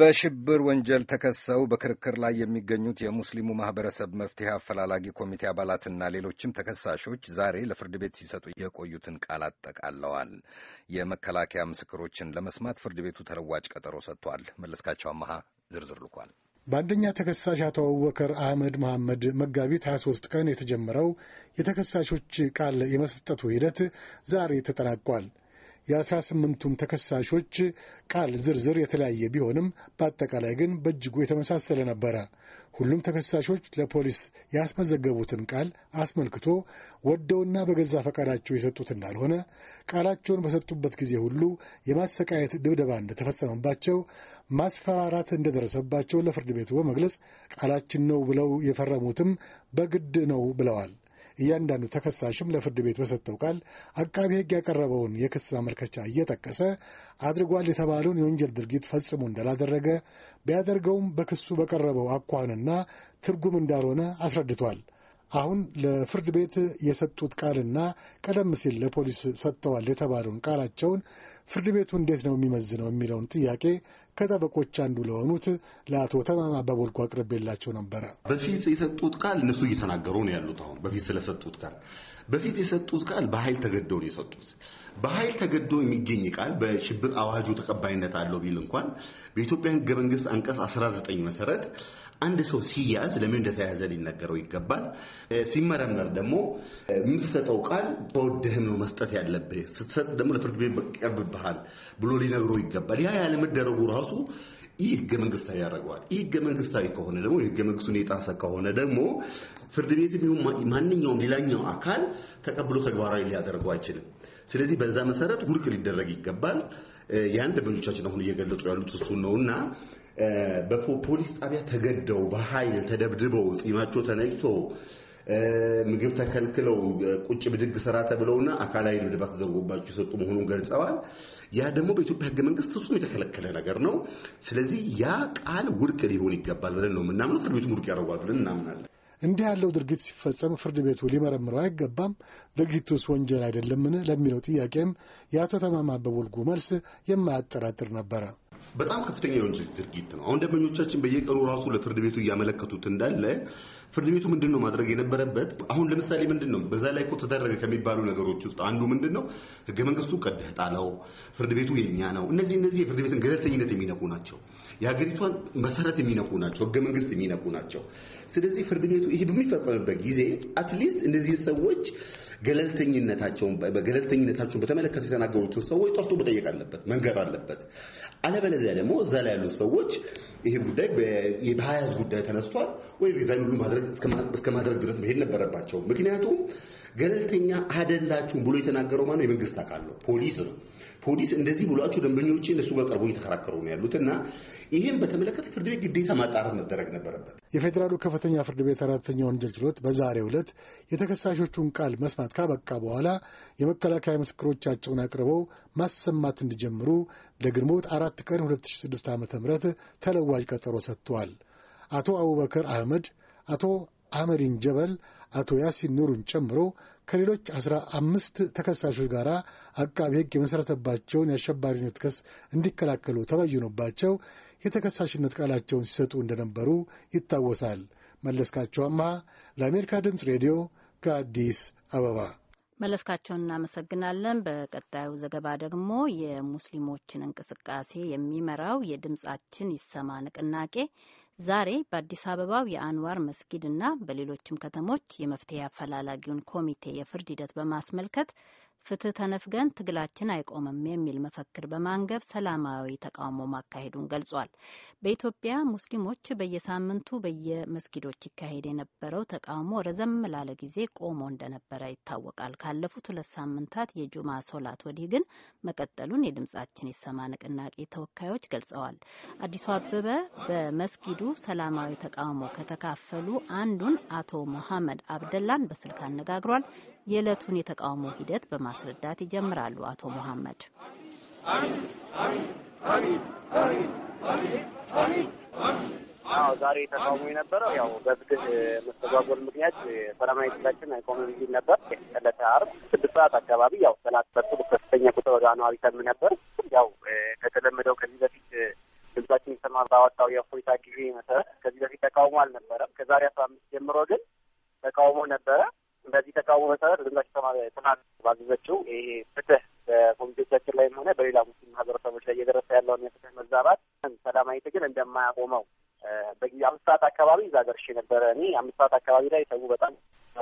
በሽብር ወንጀል ተከሰው በክርክር ላይ የሚገኙት የሙስሊሙ ማህበረሰብ መፍትሄ አፈላላጊ ኮሚቴ አባላትና ሌሎችም ተከሳሾች ዛሬ ለፍርድ ቤት ሲሰጡ የቆዩትን ቃል አጠቃለዋል። የመከላከያ ምስክሮችን ለመስማት ፍርድ ቤቱ ተለዋጭ ቀጠሮ ሰጥቷል። መለስካቸው አመሃ ዝርዝር ልኳል። በአንደኛ ተከሳሽ አቶ አቡበከር አህመድ መሐመድ መጋቢት 23 ቀን የተጀመረው የተከሳሾች ቃል የመስጠቱ ሂደት ዛሬ ተጠናቋል። የአስራ ስምንቱም ተከሳሾች ቃል ዝርዝር የተለያየ ቢሆንም በአጠቃላይ ግን በእጅጉ የተመሳሰለ ነበረ። ሁሉም ተከሳሾች ለፖሊስ ያስመዘገቡትን ቃል አስመልክቶ ወደውና በገዛ ፈቃዳቸው የሰጡት እንዳልሆነ፣ ቃላቸውን በሰጡበት ጊዜ ሁሉ የማሰቃየት ድብደባ እንደተፈጸመባቸው፣ ማስፈራራት እንደደረሰባቸው ለፍርድ ቤቱ በመግለጽ ቃላችን ነው ብለው የፈረሙትም በግድ ነው ብለዋል። እያንዳንዱ ተከሳሽም ለፍርድ ቤት በሰጠው ቃል አቃቢ ሕግ ያቀረበውን የክስ ማመልከቻ እየጠቀሰ አድርጓል የተባለውን የወንጀል ድርጊት ፈጽሞ እንዳላደረገ ቢያደርገውም በክሱ በቀረበው አኳንና ትርጉም እንዳልሆነ አስረድቷል። አሁን ለፍርድ ቤት የሰጡት ቃልና ቀደም ሲል ለፖሊስ ሰጥተዋል የተባለውን ቃላቸውን ፍርድ ቤቱ እንዴት ነው የሚመዝነው የሚለውን ጥያቄ ከጠበቆች አንዱ ለሆኑት ለአቶ ተማማ በቦልኩ አቅርቤላቸው ነበረ። በፊት የሰጡት ቃል እነሱ እየተናገሩ ነው ያሉት። አሁን በፊት ስለሰጡት ቃል በፊት የሰጡት ቃል በኃይል ተገደው ነው የሰጡት። በኃይል ተገዶ የሚገኝ ቃል በሽብር አዋጁ ተቀባይነት አለው ቢል እንኳን በኢትዮጵያ ሕገ መንግስት አንቀጽ 19 መሰረት አንድ ሰው ሲያዝ ለምን እንደተያዘ ሊነገረው ይገባል። ሲመረመር ደግሞ የምትሰጠው ቃል በወደህም ነው መስጠት ያለብህ። ስትሰጥ ደግሞ ለፍርድ ቤት ይገባሃል ብሎ ሊነግሮ ይገባል። ያ ያለመደረጉ ራሱ ይህ ህገ መንግስታዊ ያደርገዋል። ይህ ህገ መንግስታዊ ከሆነ ደግሞ የህገ መንግስቱን የጣሰ ከሆነ ደግሞ ፍርድ ቤትም ይሁን ማንኛውም ሌላኛው አካል ተቀብሎ ተግባራዊ ሊያደርገው አይችልም። ስለዚህ በዛ መሰረት ውድቅ ሊደረግ ይገባል። ያን ደንበኞቻችን አሁን እየገለጹ ያሉት እሱን ነው እና በፖሊስ ጣቢያ ተገደው በኃይል ተደብድበው ፂማቸው ተነጭቶ ምግብ ተከልክለው ቁጭ ብድግ ስራ ተብለውና አካላዊ ድብደባ ተደርጎባቸው የሰጡ መሆኑን ገልጸዋል። ያ ደግሞ በኢትዮጵያ ህገ መንግስት ፍጹም የተከለከለ ነገር ነው። ስለዚህ ያ ቃል ውድቅ ሊሆን ይገባል ብለን ነው የምናምነው። ፍርድ ቤቱም ውድቅ ያደርጓል ብለን እናምናለን። እንዲህ ያለው ድርጊት ሲፈጸም ፍርድ ቤቱ ሊመረምረው አይገባም? ድርጊቱስ ወንጀል አይደለምን? ለሚለው ጥያቄም የአቶ ተማማ በወልጉ መልስ የማያጠራጥር ነበረ። በጣም ከፍተኛ የወንጀል ድርጊት ነው። አሁን ደንበኞቻችን በየቀኑ ራሱ ለፍርድ ቤቱ እያመለከቱት እንዳለ ፍርድ ቤቱ ምንድን ነው ማድረግ የነበረበት? አሁን ለምሳሌ ምንድን ነው በዛ ላይ እኮ ተደረገ ከሚባሉ ነገሮች ውስጥ አንዱ ምንድን ነው ህገ መንግስቱ ቀደህ ጣለው፣ ፍርድ ቤቱ የኛ ነው። እነዚህ እነዚህ የፍርድ ቤትን ገለልተኝነት የሚነኩ ናቸው፣ የሀገሪቷን መሰረት የሚነኩ ናቸው፣ ህገ መንግስት የሚነኩ ናቸው። ስለዚህ ፍርድ ቤቱ ይሄ በሚፈጸምበት ጊዜ አትሊስት እነዚህ ሰዎች ገለልተኝነታቸውን በገለልተኝነታቸውን በተመለከተ የተናገሩትን ሰዎች ጠርቶ መጠየቅ አለበት፣ መንገር አለበት። አለበለዚያ ደግሞ እዛ ላይ ያሉት ሰዎች ይሄ ጉዳይ የሀያ ጉዳይ ተነስቷል ወይ ሪዛይን ሁሉ ማድረግ እስከ ማድረግ ድረስ መሄድ ነበረባቸው። ምክንያቱም ገለልተኛ አደላችሁም ብሎ የተናገረው ማነው? የመንግስት አካል ነው፣ ፖሊስ ነው። ፖሊስ እንደዚህ ብሏችሁ ደንበኞች እነሱ ጋር ቀርቦ እየተከራከሩ ነው ያሉት እና ይህም በተመለከተ ፍርድ ቤት ግዴታ ማጣራት መደረግ ነበረበት። የፌዴራሉ ከፍተኛ ፍርድ ቤት አራተኛ ወንጀል ችሎት በዛሬው ዕለት የተከሳሾቹን ቃል መስማት ካበቃ በኋላ የመከላከያ ምስክሮቻቸውን አቅርበው ማሰማት እንዲጀምሩ ለግንቦት አራት ቀን 2006 ዓ ም ተለዋጅ ቀጠሮ ሰጥቷል። አቶ አቡበከር አህመድ አቶ አህመዲን ጀበል አቶ ያሲን ኑሩን ጨምሮ ከሌሎች አስራ አምስት ተከሳሾች ጋር አቃቢ ሕግ የመሠረተባቸውን የአሸባሪነት ክስ እንዲከላከሉ ተበይኖባቸው የተከሳሽነት ቃላቸውን ሲሰጡ እንደነበሩ ይታወሳል። መለስካቸው አምሃ ለአሜሪካ ድምፅ ሬዲዮ ከአዲስ አበባ። መለስካቸውን እናመሰግናለን። በቀጣዩ ዘገባ ደግሞ የሙስሊሞችን እንቅስቃሴ የሚመራው የድምፃችን ይሰማ ንቅናቄ ዛሬ በአዲስ አበባው የአንዋር መስጊድና በሌሎችም ከተሞች የመፍትሄ አፈላላጊውን ኮሚቴ የፍርድ ሂደት በማስመልከት ፍትህ ተነፍገን ትግላችን አይቆምም የሚል መፈክር በማንገብ ሰላማዊ ተቃውሞ ማካሄዱን ገልጿል። በኢትዮጵያ ሙስሊሞች በየሳምንቱ በየመስጊዶች ይካሄድ የነበረው ተቃውሞ ረዘም ላለ ጊዜ ቆሞ እንደነበረ ይታወቃል። ካለፉት ሁለት ሳምንታት የጁማ ሶላት ወዲህ ግን መቀጠሉን የድምጻችን ይሰማ ንቅናቄ ተወካዮች ገልጸዋል። አዲሱ አበበ በመስጊዱ ሰላማዊ ተቃውሞ ከተካፈሉ አንዱን አቶ ሞሐመድ አብደላን በስልክ አነጋግሯል። የዕለቱን የተቃውሞ ሂደት በማስረዳት ይጀምራሉ አቶ መሐመድ። አዎ ዛሬ ተቃውሞ የነበረው ያው በፍትህ መስተጓጎል ምክንያት ሰላማዊ ትላችን አይቆምም የሚል ነበር። ዕለተ ዓርብ ስድስት ሰዓት አካባቢ ያው ሰላት በርቱ ከፍተኛ ቁጥር ወደ አኗሪ ሰልም ነበር። ያው ከተለመደው ከዚህ በፊት ድምጻችን ይሰማ ባወጣው የእፎይታ ጊዜ መሰረት ከዚህ በፊት ተቃውሞ አልነበረም። ከዛሬ አስራ አምስት ጀምሮ ግን ተቃውሞ ነበረ። በተሰራው መሰረት ተማሪ ጥናት ባዘዘችው ይሄ ፍትህ በኮሚቴዎቻችን ላይም ሆነ በሌላ ሙስሊም ማህበረሰቦች ላይ እየደረሰ ያለውን የፍትህ መዛባት ሰላማዊ ትግል እንደማያቆመው በጊዜ አምስት ሰዓት አካባቢ እዛ ደርሼ ነበረ። እኔ አምስት ሰዓት አካባቢ ላይ ሰው በጣም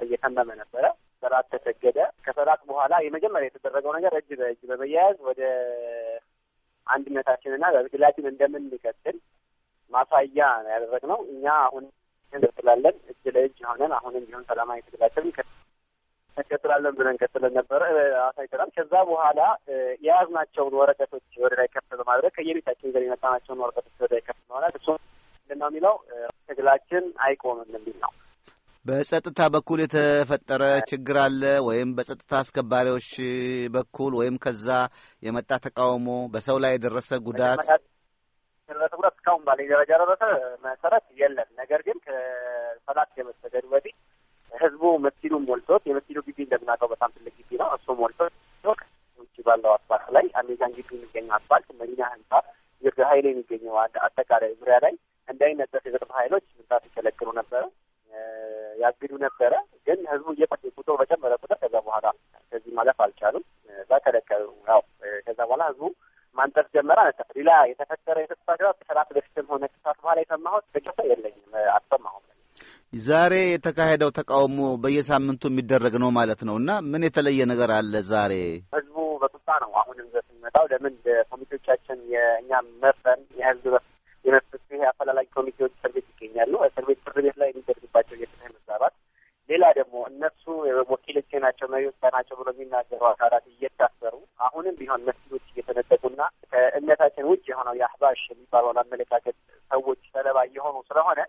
እየተመመ ነበረ። ሰላት ተሰገደ። ከሰላት በኋላ የመጀመሪያ የተደረገው ነገር እጅ በእጅ በመያያዝ ወደ አንድነታችንና በትግላችን እንደምንቀጥል ማሳያ ያደረግነው እኛ አሁን እንቀጥላለን እጅ ለእጅ ሆነን አሁንም ቢሆን ሰላማዊ ትግላችን እንቀጥላለን ብለን ቀጥለን ነበረ አሳይተናል። ከዛ በኋላ የያዝናቸውን ወረቀቶች ወደ ላይ ከፍ በማድረግ ከየቤታችን ይዘን የመጣናቸውን ወረቀቶች ወደ ላይ ከፍ በማድረግ እሱ ምንድን ነው የሚለው ትግላችን አይቆምም የሚል ነው። በጸጥታ በኩል የተፈጠረ ችግር አለ ወይም በጸጥታ አስከባሪዎች በኩል ወይም ከዛ የመጣ ተቃውሞ በሰው ላይ የደረሰ ጉዳት ደረሰ ጉዳት እስካሁን ባለኝ ደረጃ ደረሰ መሰረት የለም። ነገር ግን ከሰላት የመሰገድ ወዲህ እሱም ሞልቶት የበሲሉ ግቢ እንደምናውቀው በጣም ትልቅ ግቢ ነው። እሱ ሞልቶት ውጭ ባለው አስፋልት ላይ አሜዛን ግቢ የሚገኘው አስፋልት መዲና ህንፃ ግርድ ሀይል የሚገኘው አጠቃላይ ዙሪያ ላይ እንዳይነጠፍ የቅርብ ሀይሎች ምንጣፍ ይከለክሉ ነበረ፣ ያግዱ ነበረ። ግን ህዝቡ እየጠቅ ቁጥሩ በጨመረ ቁጥር ከዛ በኋላ ከዚህ ማለፍ አልቻሉም። በከለከሉ ያው ከዛ በኋላ ህዝቡ ማንጠፍ ጀመረ። አነጠፍ ሌላ የተፈጠረ የተስፋ ድራት ከሰላት በፊትም ሆነ ከሰዓት በኋላ የሰማሁት ተጨፈ የለኝም አልሰማሁም። ዛሬ የተካሄደው ተቃውሞ በየሳምንቱ የሚደረግ ነው ማለት ነው እና ምን የተለየ ነገር አለ ዛሬ? ህዝቡ በቁጣ ነው አሁንም ዘ የሚመጣው ለምን ኮሚቴዎቻችን የእኛ መፈን የህዝብ የመብት ፍትህ አፈላላጊ ኮሚቴዎች እስር ቤት ይገኛሉ። እስር ቤት ፍርድ ቤት ላይ የሚደርግባቸው የፍትህ መዛባት፣ ሌላ ደግሞ እነሱ ወኪሎቼ ናቸው መሪዎች ናቸው ብሎ የሚናገሩ አካላት እየታሰሩ አሁንም ቢሆን መስጊዶች እየተነጠቁና ከእምነታችን ውጭ የሆነው የአህባሽ የሚባለውን አመለካከት ሰዎች ሰለባ እየሆኑ ስለሆነ